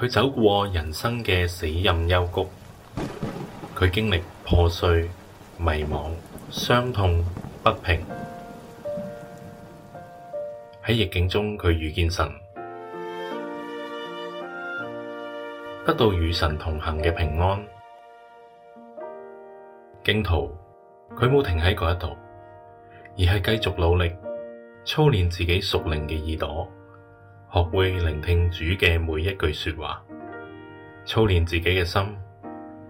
佢走過人生嘅死蔭幽谷，佢經歷破碎、迷茫、傷痛、不平。喺逆境中，佢遇見神，得到與神同行嘅平安。荊徒，佢冇停喺嗰一度，而係繼續努力操練自己熟靈嘅耳朵。學會聆聽主嘅每一句說話，操練自己嘅心，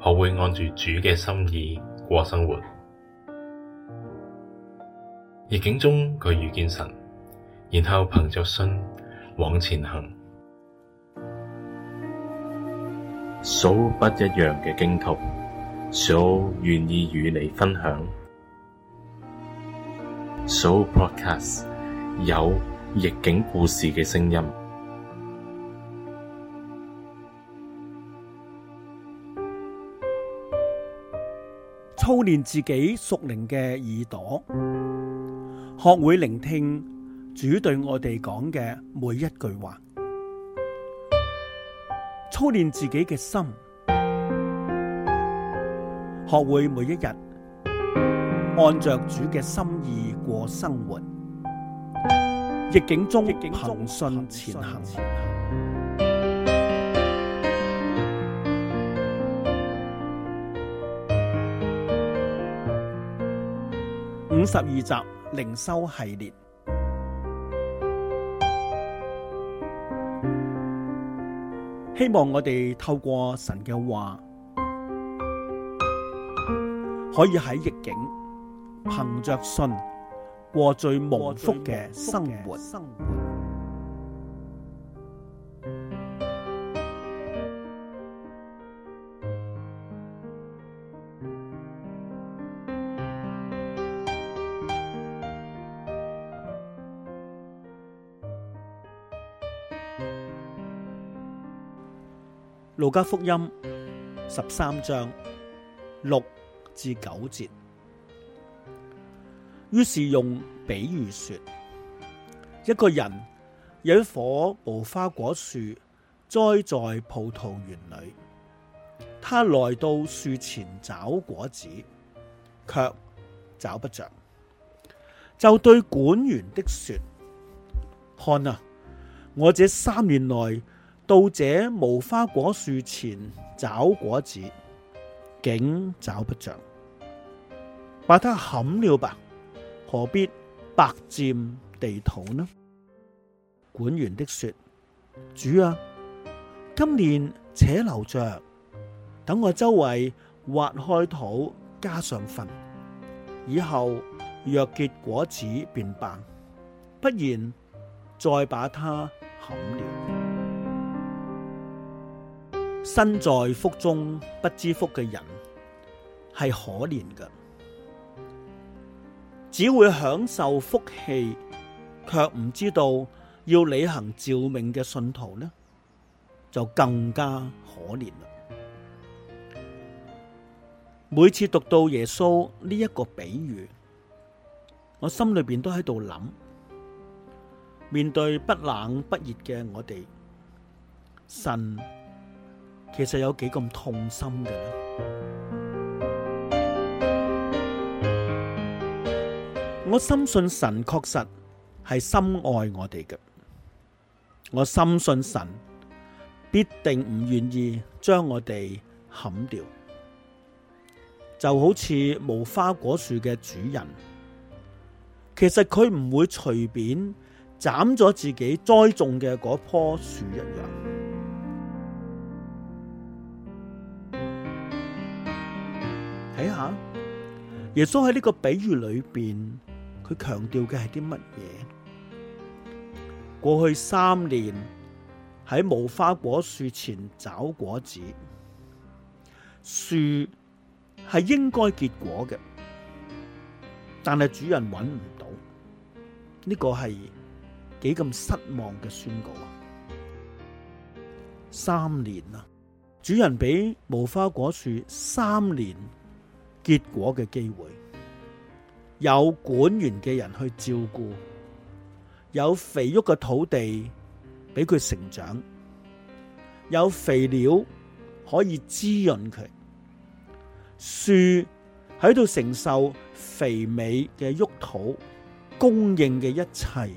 學會按住主嘅心意過生活。逆境中佢遇見神，然後憑着信往前行。數不一樣嘅荊途，數願意與你分享。Sooopodcast 有。逆境故事嘅聲音，操練自己屬靈嘅耳朵，學會聆聽主對我哋講嘅每一句話。操練自己嘅心，學會每一日按着主嘅心意過生活。逆境中，憑信前行。五十二集靈修系列，希望我哋透過神嘅話，可以喺逆境，憑着信。過最蒙福嘅生活。路加福音十三章六至九節。於是用比喻說，一個人有一棵無花果樹栽在葡萄園裏，他來到樹前找果子，卻找不着。」就對管園的説：看啊，我這三年來到這無花果樹前找果子，竟找不着。」把它砍了吧。何必白占地土呢？管園的說：主啊，今年且留着，等我周圍挖開土加上糞，以後若結果子便罷，不然再把它砍了。身在福中不知福嘅人係可憐嘅。只會享受福氣，卻唔知道要履行召命嘅信徒呢，就更加可憐啦。每次讀到耶穌呢一個比喻，我心裏面都喺度諗，面對不冷不熱嘅我哋，神其實有幾咁痛心嘅呢？我深信神確實係深愛我哋嘅，我深信神必定唔願意將我哋砍掉，就好似無花果樹嘅主人，其實佢唔會隨便斬咗自己栽種嘅嗰棵樹一樣。睇下耶穌喺呢個比喻裏邊。佢強調嘅係啲乜嘢？過去三年喺無花果樹前找果子，樹係應該結果嘅，但係主人揾唔到，呢個係幾咁失望嘅宣告啊！三年啊，主人俾無花果樹三年結果嘅機會。有管員嘅人去照顧，有肥沃嘅土地俾佢成長，有肥料可以滋潤佢，樹喺度承受肥美嘅沃土供應嘅一切，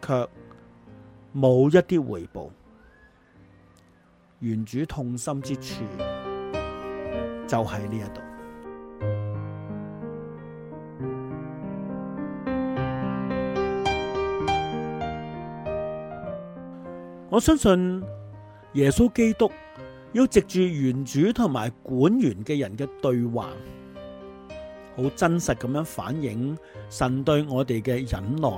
卻冇一啲回報。原主痛心之處就喺呢一度。我相信耶穌基督要藉住園主同埋管園嘅人嘅對話，好真實咁樣反映神對我哋嘅忍耐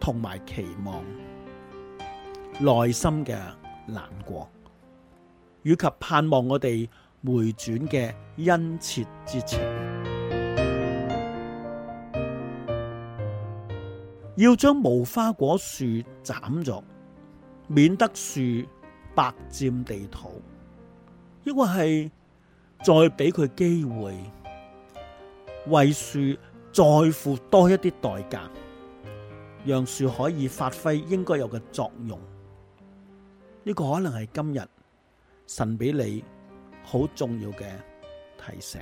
同埋期望，內心嘅難過，以及盼望我哋回轉嘅殷切之情，要將無花果樹斬咗。免得樹白佔地土，呢個係再俾佢機會，為樹再付多一啲代價，讓樹可以發揮應該有嘅作用。呢、呢個可能係今日神俾你好重要嘅提醒。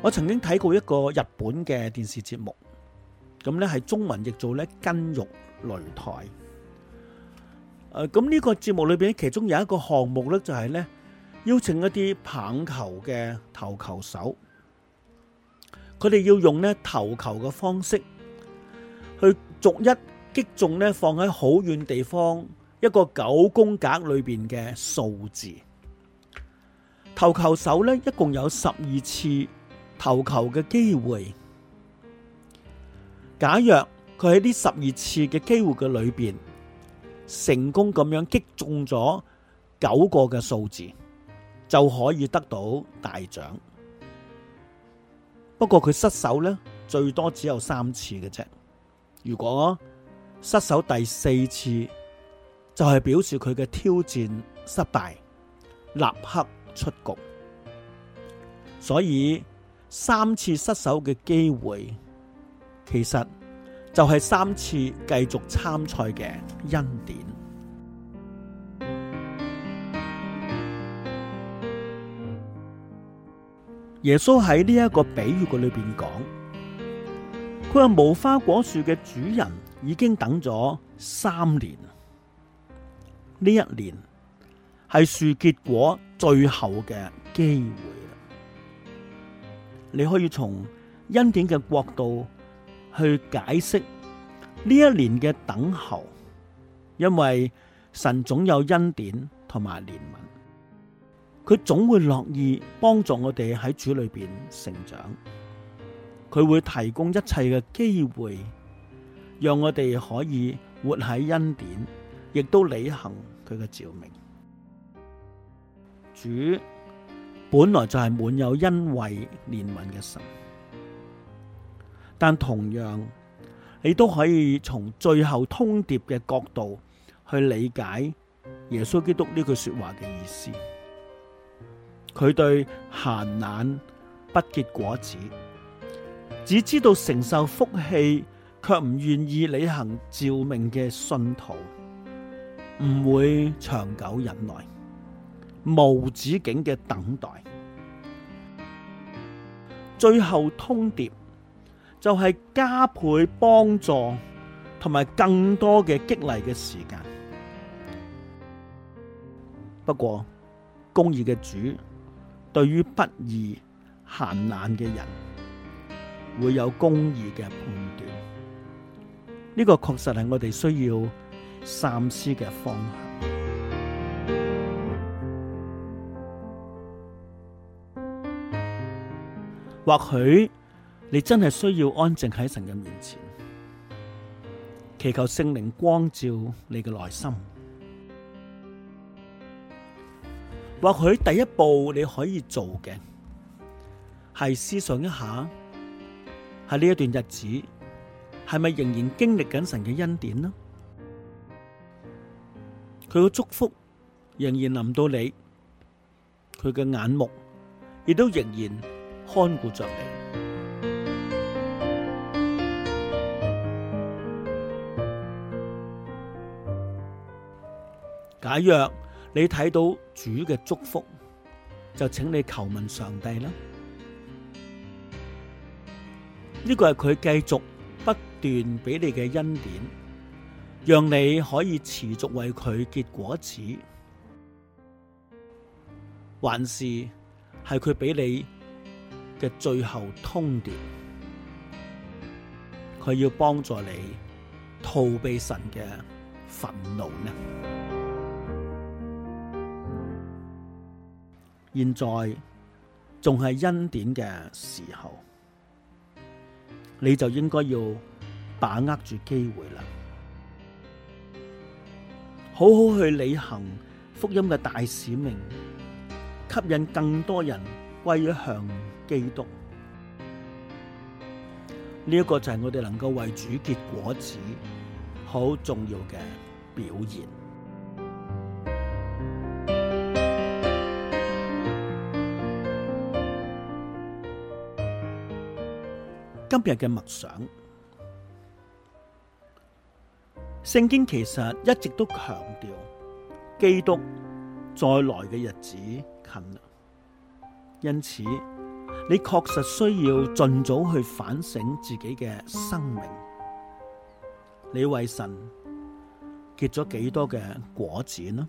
我曾經睇過一個日本嘅電視節目。咁呢係中文譯做呢「筋肉擂台」。咁、呃、呢個節目裏邊，其中有一個項目呢，就係、是、呢邀請一啲棒球嘅投球手，佢哋要用呢投球嘅方式，去逐一擊中呢放喺好遠地方一個九宮格裏邊嘅數字。投球手呢，一共有十二次投球嘅機會。假若佢喺呢十二次嘅機會嘅裏邊成功咁樣擊中咗九個嘅數字，就可以得到大獎。不過佢失手呢，最多只有三次嘅啫。如果失手第四次，就係表示佢嘅挑戰失敗，立刻出局。所以三次失手嘅機會。其實就係三次繼續參賽嘅恩典。耶穌喺呢一個比喻句裏邊講，佢話無花果樹嘅主人已經等咗三年，呢一年係樹結果最後嘅機會。你可以從恩典嘅角度。去解釋呢一年嘅等候，因為神總有恩典同埋憐憫，佢總會樂意幫助我哋喺主裏邊成長，佢會提供一切嘅機會，讓我哋可以活喺恩典，亦都履行佢嘅召命。主本來就係滿有恩惠憐憫嘅神。但同樣，你都可以從最後通牒嘅角度去理解耶穌基督呢句說話嘅意思。佢對閒懶不結果子，只知道承受福氣，卻唔願意履行召命嘅信徒，唔會長久忍耐，無止境嘅等待，最後通牒。就係加倍幫助同埋更多嘅激勵嘅時間。不過，公義嘅主對於不義、行難嘅人會有公義嘅判斷。呢個確實係我哋需要三思嘅方向。或許。你真係需要安靜喺神嘅面前，祈求聖靈光照你嘅內心。或許第一步你可以做嘅係思想一下，喺呢一段日子係咪仍然經歷緊神嘅恩典呢？佢嘅祝福仍然臨到你，佢嘅眼目亦都仍然看顧着你。假若你睇到主嘅祝福，就請你求問上帝啦。呢、這個係佢繼續不斷俾你嘅恩典，讓你可以持續為佢結果子，還是係佢俾你嘅最後通牒？佢要幫助你逃避神嘅憤怒呢？現在仲係恩典嘅時候，你就應該要把握住機會啦，好好去履行福音嘅大使命，吸引更多人歸向基督。呢一個就係我哋能夠為主結果子好重要嘅表現。今日嘅默想，聖經其實一直都強調基督再來嘅日子近啦，因此你確實需要盡早去反省自己嘅生命，你為神結咗幾多嘅果子呢？